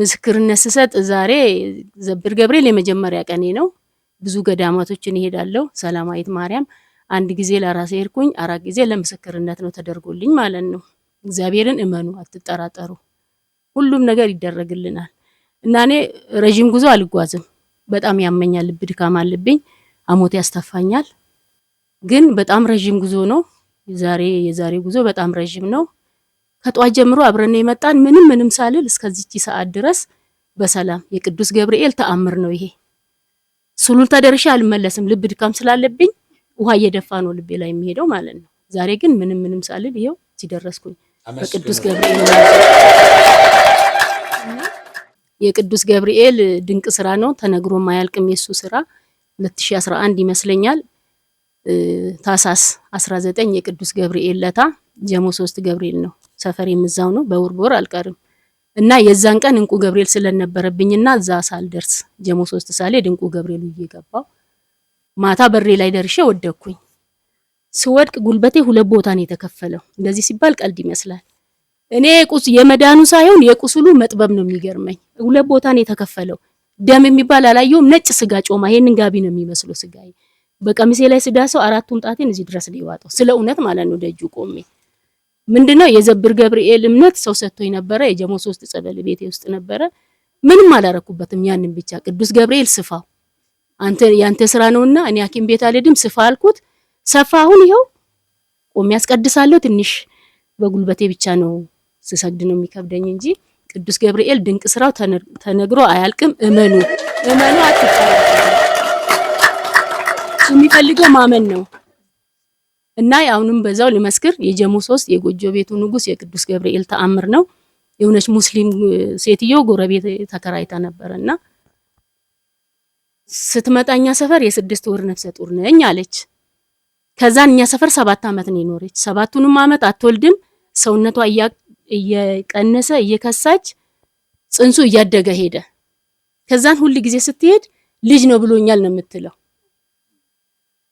ምስክርነት ስሰጥ ዛሬ ዘብር ገብርኤል የመጀመሪያ ቀኔ ነው። ብዙ ገዳማቶችን እሄዳለሁ። ሰላማዊት ማርያም አንድ ጊዜ ለራሴ ሄድኩኝ፣ አራት ጊዜ ለምስክርነት ነው ተደርጎልኝ ማለት ነው። እግዚአብሔርን እመኑ፣ አትጠራጠሩ፣ ሁሉም ነገር ይደረግልናል እና እኔ ረዥም ጉዞ አልጓዝም። በጣም ያመኛል፣ ልብ ድካም አለብኝ። አሞት ያስተፋኛል። ግን በጣም ረዥም ጉዞ ነው ዛሬ የዛሬ ጉዞ በጣም ረዥም ነው። ከጧት ጀምሮ አብረን የመጣን ምንም ምንም ሳልል እስከዚች ሰዓት ድረስ በሰላም የቅዱስ ገብርኤል ተአምር ነው ይሄ። ሱሉልታ ደርሼ አልመለስም፣ ልብ ድካም ስላለብኝ ውሃ እየደፋ ነው ልቤ ላይ የሚሄደው ማለት ነው። ዛሬ ግን ምንም ምንም ሳልል ይሄው ሲደረስኩኝ በቅዱስ ገብርኤል የቅዱስ ገብርኤል ድንቅ ስራ ነው፣ ተነግሮ ማያልቅም የሱ ስራ። 2011 ይመስለኛል ታሳስ 19 የቅዱስ ገብርኤል ለታ ጀሞ ሶስት ገብርኤል ነው። ሰፈር የምዛው ነው። በወር አልቀርም እና የዛን ቀን እንቁ ገብርኤል ስለነበረብኝና እዛ ሳልደርስ ጀሞ ሶስት ሳልሄድ እንቁ ገብርኤል እየገባው ማታ በሬ ላይ ደርሼ ወደኩኝ። ስወድቅ ጉልበቴ ሁለት ቦታ ነው የተከፈለው። እንደዚህ ሲባል ቀልድ ይመስላል። እኔ የመዳኑ ሳይሆን የቁስሉ መጥበብ ነው የሚገርመኝ። ሁለት ቦታ ነው የተከፈለው። ደም የሚባል አላየሁም። ነጭ ስጋ ጮማ፣ ይሄንን ጋቢ ነው የሚመስለው ስጋ። በቀሚሴ ላይ ስዳ ሰው አራቱን ጣቴን እዚህ ድረስ ሊዋጠው ስለ እውነት ማለት ነው። ደጁ ቆሜ ምንድነው የዘብር ገብርኤል እምነት ሰው ሰጥቶኝ ነበረ። የጀሞ ሶስት ጸበል ቤቴ ውስጥ ነበረ። ምንም አላረኩበትም። ያንን ብቻ ቅዱስ ገብርኤል ስፋው አንተ ያንተ ስራ ነውና እኔ ሐኪም ቤት አልሄድም። ስፋ አልኩት፣ ሰፋ። አሁን ይኸው ቆሜ ያስቀድሳለሁ። ትንሽ በጉልበቴ ብቻ ነው ስሰግድ ነው የሚከብደኝ እንጂ ቅዱስ ገብርኤል ድንቅ ስራው ተነግሮ አያልቅም። እመኑ እመኑ፣ አትፈራ። የሚፈልገው ማመን ነው እና አሁንም በዛው ልመስክር፣ የጀሙ ሶስት የጎጆ ቤቱ ንጉስ የቅዱስ ገብርኤል ተአምር ነው። የሆነች ሙስሊም ሴትዮ ጎረቤት ተከራይታ ነበረ እና ስትመጣኛ ሰፈር የስድስት ወር ነፍሰ ጡር ነኝ አለች። ከዛን እኛ ሰፈር ሰባት ዓመት ነው የኖረች። ሰባቱንም አመት አትወልድም። ሰውነቷ እየቀነሰ እየከሳች ጽንሱ እያደገ ሄደ። ከዛን ሁል ጊዜ ስትሄድ ልጅ ነው ብሎኛል ነው የምትለው።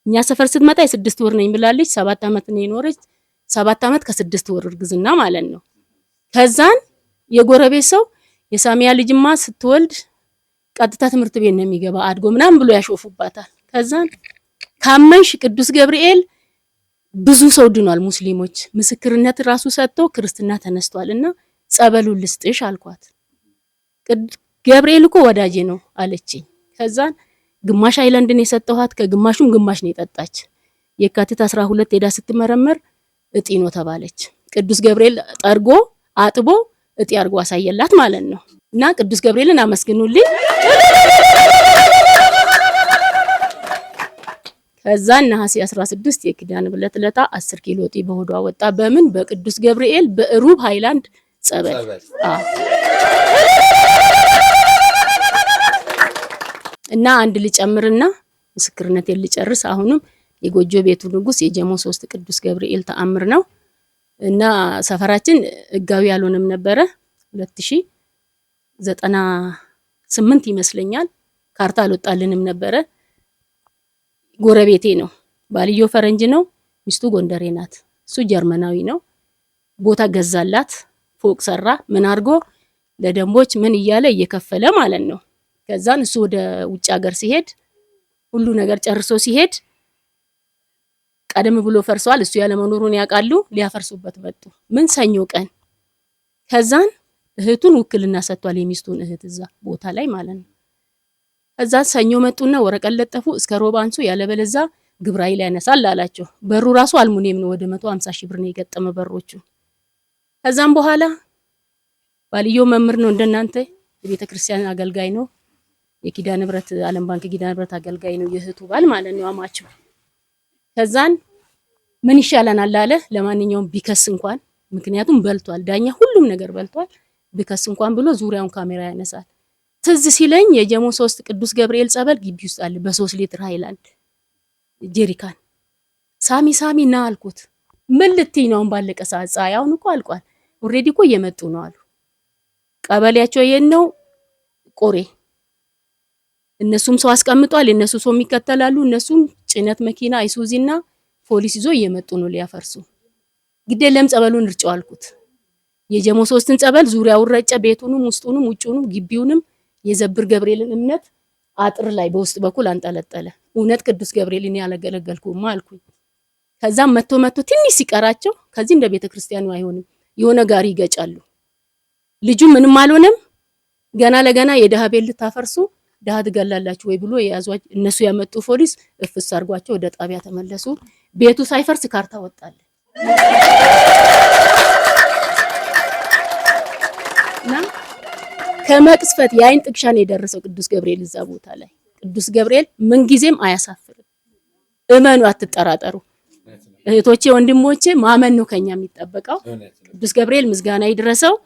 እኛ ሰፈር ስትመጣ የስድስት ወር ነኝ ብላለች። ሰባት ዓመት ነው የኖረች። ሰባት ዓመት ከስድስት ወር እርግዝና ማለት ነው። ከዛን የጎረቤት ሰው የሳሚያ ልጅማ ስትወልድ ቀጥታ ትምህርት ቤት ነው የሚገባ አድጎ ምናምን ብሎ ያሾፉባታል። ከዛን ካመንሽ ቅዱስ ገብርኤል ብዙ ሰው ድኗል። ሙስሊሞች ምስክርነት ራሱ ሰጥቶ ክርስትና ተነስቷል እና ጸበሉን ልስጥሽ አልኳት። ገብርኤል እኮ ወዳጄ ነው አለችኝ። ከዛን ግማሽ አይለንድን የሰጠኋት ከግማሹም ግማሽ ነው የጠጣች። የካቲት 12 ሄዳ ስትመረመር እጢ ነው ተባለች። ቅዱስ ገብርኤል ጠርጎ አጥቦ እጢ አድርጎ አሳየላት ማለት ነው። እና ቅዱስ ገብርኤልን አመስግኑልኝ። ከዛ ነሐሴ 16 የክዳን ብለት ለታ 10 ኪሎ ጤ በሆዷ ወጣ። በምን በቅዱስ ገብርኤል በሩብ ሃይላንድ ጸበል። እና አንድ ልጨምርና ምስክርነት ልጨርስ። አሁንም የጎጆ ቤቱ ንጉስ የጀሞ ሶስት ቅዱስ ገብርኤል ተአምር ነው እና ሰፈራችን ሕጋዊ ያልሆነም ነበረ 2098 ይመስለኛል ካርታ አልወጣልንም ነበረ ጎረቤቴ ነው። ባልዮ ፈረንጅ ነው። ሚስቱ ጎንደሬ ናት። እሱ ጀርመናዊ ነው። ቦታ ገዛላት፣ ፎቅ ሰራ። ምን አድርጎ ለደንቦች ምን እያለ እየከፈለ ማለት ነው። ከዛን እሱ ወደ ውጭ ሀገር ሲሄድ ሁሉ ነገር ጨርሶ ሲሄድ ቀደም ብሎ ፈርሷል። እሱ ያለመኖሩን ያውቃሉ። ሊያፈርሱበት መጡ። ምን ሰኞ ቀን ከዛን እህቱን ውክልና ሰጥቷል። የሚስቱን እህት እዛ ቦታ ላይ ማለት ነው። እዛ ሰኞ መጡና ወረቀት ለጠፉ እስከ ሮብ አንሱ፣ ያለበለዛ ግብረ ኃይል ያነሳል አላቸው። በሩ ራሱ አልሙኒየም ነው። ወደ 150 ሺህ ብር ነው የገጠመ በሮቹ። ከዛም በኋላ ባልዮ መምህር ነው እንደናንተ የቤተ ክርስቲያን አገልጋይ ነው። የኪዳን ህብረት ዓለም ባንክ ኪዳን ህብረት አገልጋይ ነው። የእህቱ ባል ማለት ነው አማቸው። ከዛን ምን ይሻለናል አለ። ለማንኛውም ቢከስ እንኳን ምክንያቱም በልቷል ዳኛ፣ ሁሉም ነገር በልቷል። ቢከስ እንኳን ብሎ ዙሪያውን ካሜራ ያነሳል። ትዝ ሲለኝ የጀሞ ሶስት ቅዱስ ገብርኤል ጸበል ግቢ ውስጥ አለ በሶስት ሊትር ሃይላንድ ጀሪካን ሳሚ ሳሚ ና አልኩት። ምን ልትይ ነው? ባለቀ ሰዓት ፀሐይ አሁን እኮ አልቋል። ኦልሬዲ እኮ እየመጡ ነው አሉ። ቀበሌያቸው የት ነው? ቆሬ። እነሱም ሰው አስቀምጧል። የእነሱ ሰው የሚከተላሉ። እነሱም ጭነት መኪና አይሱዚና ፖሊስ ይዞ እየመጡ ነው ሊያፈርሱ። ግዴ ለም ጸበሉን እርጨው አልኩት። የጀሞ ሶስትን ጸበል ዙሪያውን ረጨ። ቤቱንም ውስጡንም ውጭውንም ግቢውንም የዘብር ገብርኤልን እምነት አጥር ላይ በውስጥ በኩል አንጠለጠለ። እውነት ቅዱስ ገብርኤልን ያለገለገልኩ አልኩኝ። ከዛም መቶ መቶ ትንሽ ሲቀራቸው ከዚህ እንደ ቤተ ክርስቲያኑ አይሆንም የሆነ ጋሪ ይገጫሉ። ልጁ ምንም አልሆነም። ገና ለገና የድሃ ቤት ልታፈርሱ ድሃ ትገላላችሁ ወይ ብሎ የያዟቸው እነሱ ያመጡ ፖሊስ እፍስ አድርጓቸው ወደ ጣቢያ ተመለሱ። ቤቱ ሳይፈርስ ካርታ ወጣለ። ከመቅስፈት የአይን ጥቅሻን የደረሰው ቅዱስ ገብርኤል እዛ ቦታ ላይ ቅዱስ ገብርኤል ምንጊዜም አያሳፍርም። እመኑ፣ አትጠራጠሩ እህቶቼ፣ ወንድሞቼ። ማመን ነው ከኛ የሚጠበቀው። ቅዱስ ገብርኤል ምስጋና ይድረሰው።